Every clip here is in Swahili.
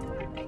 Thank you.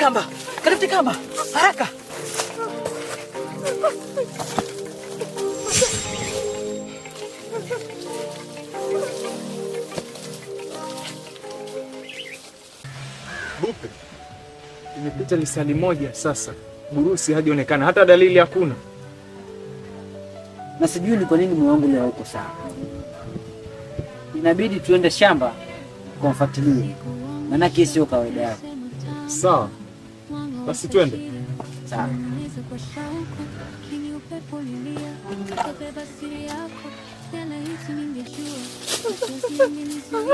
kamba, katafute kamba haraka. Bupe, imepita lisali moja sasa, burusi hajaonekana hata dalili hakuna, na sijui ni kwa nini moyo wangu leo uko sana. Inabidi tuende shamba kumfuatilia, maanake sio kawaida yake. Sawa. Basi twende. Sawa.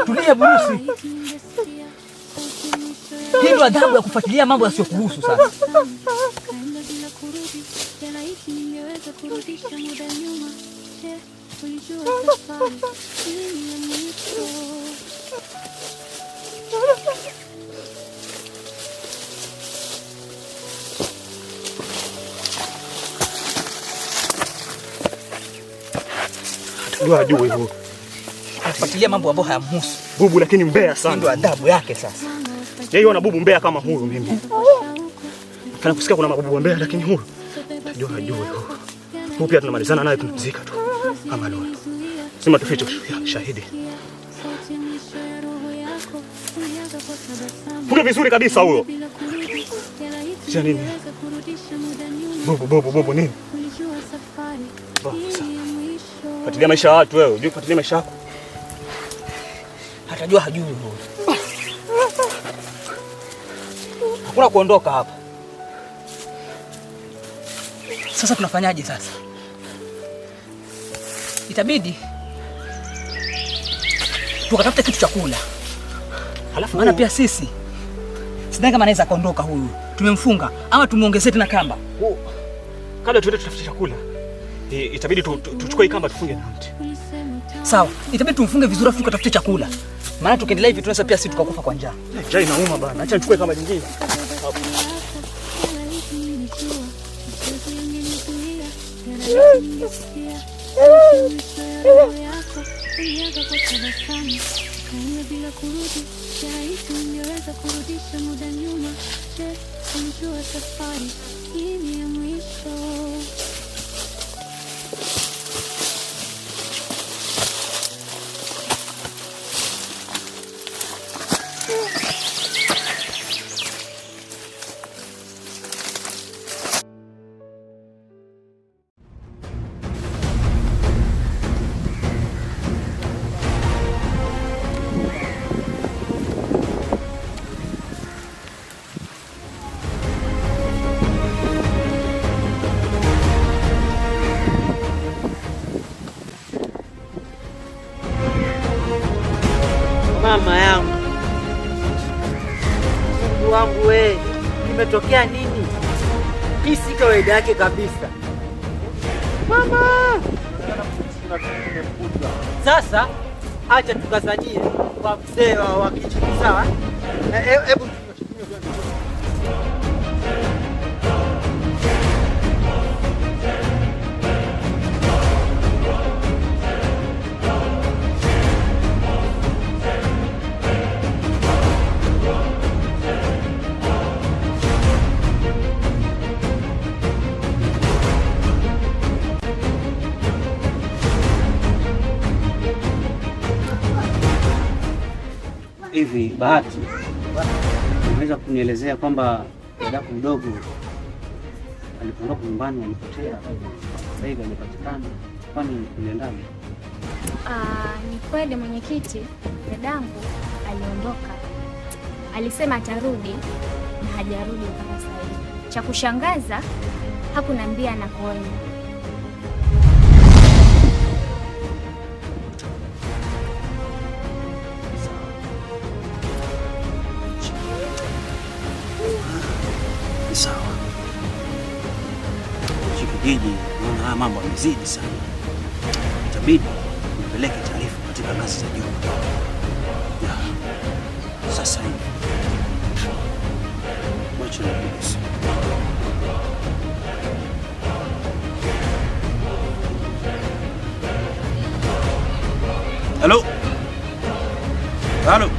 Tulia Brusi. Hiyo adhabu ya kufuatilia mambo yasiyokuhusu sasa. wewe ajua hivyo. Anafuatilia mambo ambayo hayamhusu. Bubu lakini mbea sana. Ndio adabu yake sasa. Yeye ana bubu mbea kama huyu mimi. Kana kusikia kuna mabubu mbea lakini huyu. Ndio ajua hivyo. Huyu pia tunamalizana naye tunamzika tu. Kama leo. Sema tufiche shahidi. Kuna vizuri kabisa huyo. Sasa nini? Bubu bubu bubu nini? fatilia maisha ya watu wewe. Unajua kufuatilia maisha yako. Hatajua hajui mbona. Hakuna kuondoka hapa. Sasa tunafanyaje sasa? Itabidi tukatafuta kitu cha kula. Halafu maana pia sisi sidhani kama anaweza kaondoka huyu. Tumemfunga ama tumuongezee tena kamba. Kabla tuende tutafute chakula. Eh, itabidi tuchukue hii kamba tufunge na mti. Sawa, itabidi tumfunge vizuri afu tukatafute chakula. Maana tukiendelea hivi tunaweza pia sisi tukakufa kwa njaa. Eh, njaa inauma bana. Acha nichukue kamba nyingine. Kumetokea nini? Hii si kawaida yake kabisa. Mama! Sasa acha tukazanie kwa mzee wa kijiji sawa? Eh, eh, hebu hivi, Bahati, unaweza kunielezea kwamba dadako mdogo alipoondoka nyumbani alipotea, sasa alipatikana, kwani uliendaje? Ah, ni kweli mwenyekiti, dadangu aliondoka, alisema atarudi na hajarudi mpaka sasa Cha kushangaza hakuniambia anakoenda. kijiji, naona haya mambo yamezidi sana, itabidi nipeleke taarifa katika ngazi za juu. Sasa hivi macho nakugusa halo halo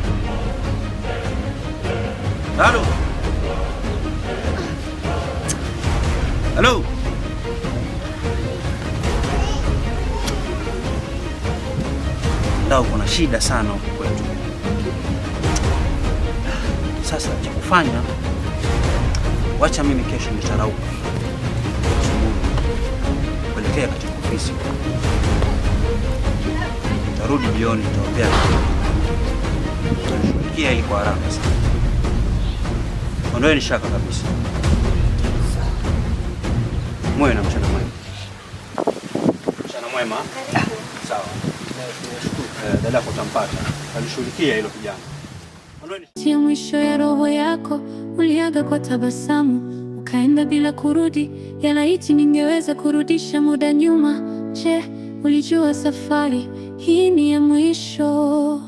shida sana huku kwetu. Sasa cha kufanya, wacha mimi kesho nitarauka asubuhi kuelekea katika ofisi, nitarudi jioni, nitaopea shughulikia ili kwa haraka sana. ni shaka kabisa, mwe na mchana mwema. Mchana mwema, sawa. Eh, dadako alishughulikia hilo kijana. Tia mwisho ya roho yako uliaga kwa tabasamu, ukaenda bila kurudi. Yalaiti ningeweza kurudisha muda nyuma. Je, ulijua safari hii ni ya mwisho?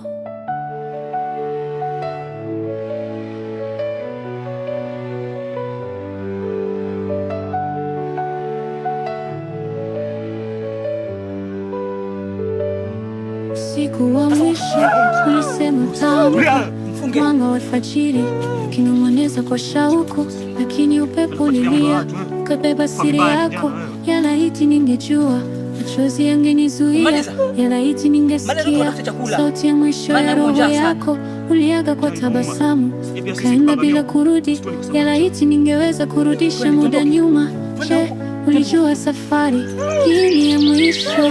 mwanga wa alfajiri ukinong'oneza kwa shauku, lakini upepo ulilia ukabeba siri yako. Yalaiti ningejua, machozi yangenizuia. Yalaiti ningesikia sauti ya mwisho ya roho yako. Uliaga kwa tabasamu, ukaenda bila kurudi. Yalaiti ningeweza kurudisha muda nyuma. Je, ulijua safari hii ni ya mwisho?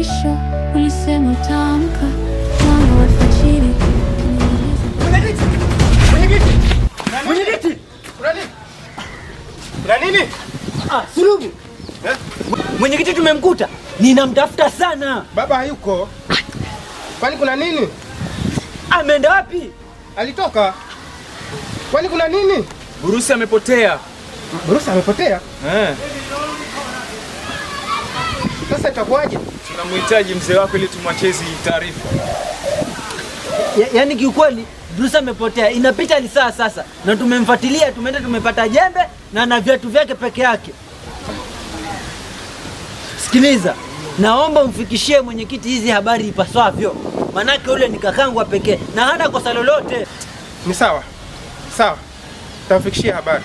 mwisho ulisema tamka nini? Ah, Sulubu. Eh? Mwenyekiti tumemkuta, ninamtafuta sana. Baba hayuko. Kwani kuna nini? Ameenda wapi? Alitoka. Kwani kuna nini? Burusi amepotea. Burusi amepotea? Eh sasa itakuwaje? Tunamhitaji mzee wako ili tumwachezi hizi taarifa. Ya, yaani kiukweli Bruce amepotea, inapita ni saa sasa, na tumemfuatilia, tumeenda tumepata jembe na na viatu vyake peke yake. Sikiliza, naomba umfikishie mwenyekiti hizi habari ipaswavyo, manake ule ni wa pekee na hana kosa lolote. Ni sawa sawa, tamfikishia habari.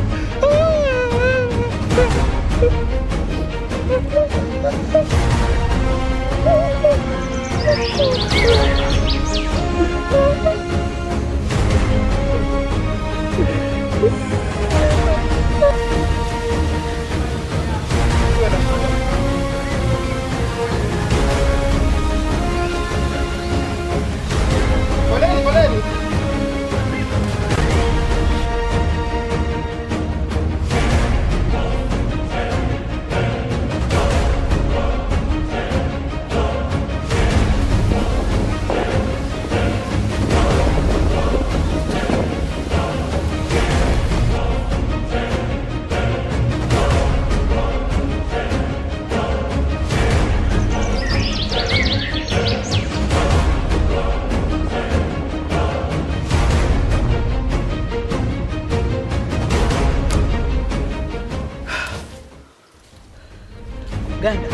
Uganda.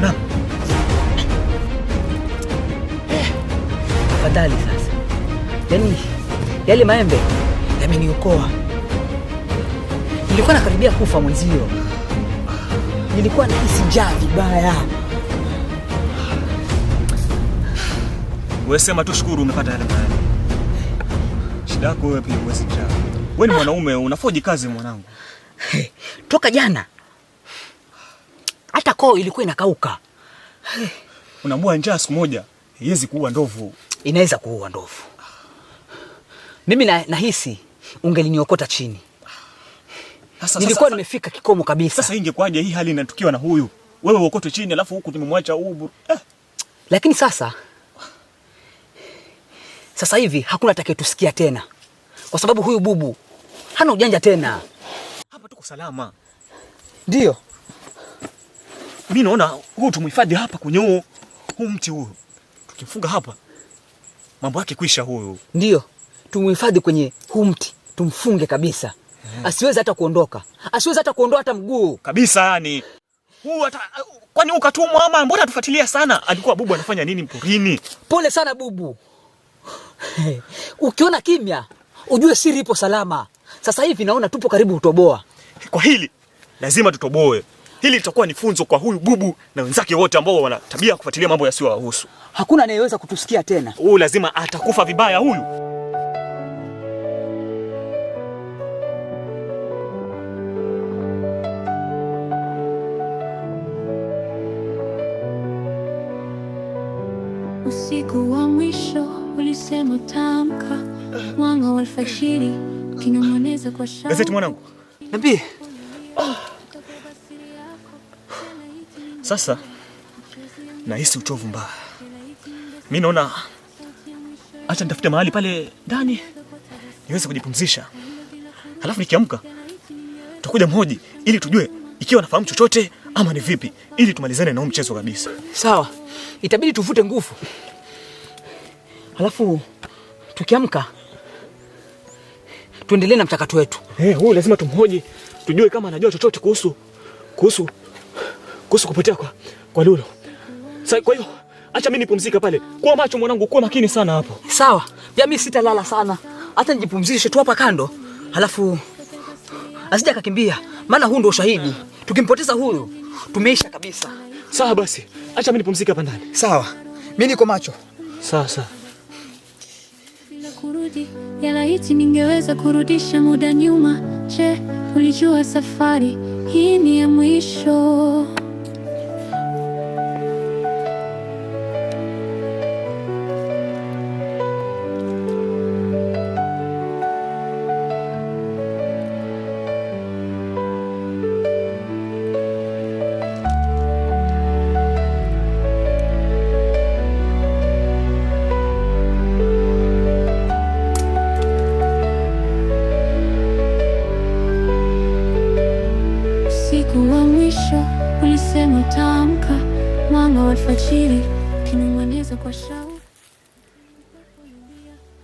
Naam. Tafadhali eh, sasa. Yaani yale maembe yameniokoa. Nilikuwa nakaribia kufa mwenzio, nilikuwa nahisi njaa vibaya. Wewe sema tu shukuru umepata yale maembe. Shida yako wewe pia, wewe si njaa. Wewe ni ah. mwanaume unafoji kazi mwanangu. Hey, toka jana hata koo ilikuwa inakauka. Unamua njaa siku moja iwezi kuua ndovu, inaweza kuua ndovu. Mimi na, nahisi ungeliniokota chini. Sasa, nilikuwa nimefika kikomo kabisa. Sasa ingekwaje hii hali inatukiwa na huyu? Wewe uokote chini alafu huku tumemwacha ubu Eh. Lakini sasa sasa hivi hakuna atakayetusikia tena, kwa sababu huyu bubu hana ujanja tena. Hapa tuko salama, dio mimi naona huu tumhifadhi hapa kwenye huu huu mti huu, Tukimfunga hapa mambo yake kuisha huyu Ndio. Tumhifadhi kwenye huu mti, tumfunge kabisa. Hmm. Eh. Asiweze hata kuondoka. Asiweze hata kuondoa hata mguu. Kabisa yani. Huu hata kwani ukatumwa ama mbona tufuatilia sana? Alikuwa bubu anafanya nini mporini? Pole sana bubu. Ukiona kimya, ujue siri ipo salama. Sasa hivi naona tupo karibu kutoboa. Kwa hili lazima tutoboe. Hili litakuwa ni funzo kwa huyu bubu na wenzake wote ambao wana tabia kufuatilia mambo yasiyowahusu. Hakuna anayeweza kutusikia tena. Huyu lazima atakufa vibaya huyu. Usiku wa mwisho ulisema tamka, mwanga wa alfajiri kinamwoneza kwa shangwe. Gazeti mwanangu. Nabii Sasa nahisi uchovu mbaya. Mimi naona acha nitafute mahali pale ndani niweze kujipumzisha, halafu nikiamka tutakuja mhoji ili tujue ikiwa nafahamu chochote ama ni vipi, ili tumalizane na huu mchezo kabisa. Sawa, itabidi tuvute nguvu, halafu tukiamka tuendelee na mchakato wetu. Hey, eh, huyu lazima tumhoji tujue kama anajua chochote kuhusu kuhusu kuhusu kupotea kwa, kwa Lulu. Sa, kwa hiyo acha mimi nipumzike pale. Kuwa macho mwanangu, kuwa makini sana hapo. Sawa. Pia mimi sitalala sana. Hata nijipumzishe tu hapa kando. Halafu asija akakimbia, maana huu ndio ushahidi. Tukimpoteza huyu tumeisha kabisa. Sawa basi. Acha mimi nipumzike hapa ndani. Sawa. Mimi niko macho. Sawa sawa. Kurudi yalaiti, ningeweza kurudisha muda nyuma. Je, ulijua safari hii ni ya mwisho? Usiku wa mwisho ulisema utaamka, mwanga wa alfajiri ukining'iniza kwa shauku,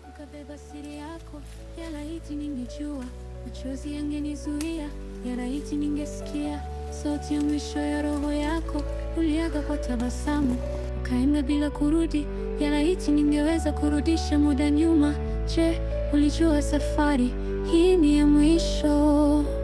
ukabeba siri yako. Yalaiti ningejua, machozi yangenizuia. Yalaiti ningesikia sauti ya mwisho ya roho yako. Uliaga kwa tabasamu, ukaenda bila kurudi. Yalaiti ningeweza kurudisha muda nyuma. Je, ulijua safari hii ni ya mwisho?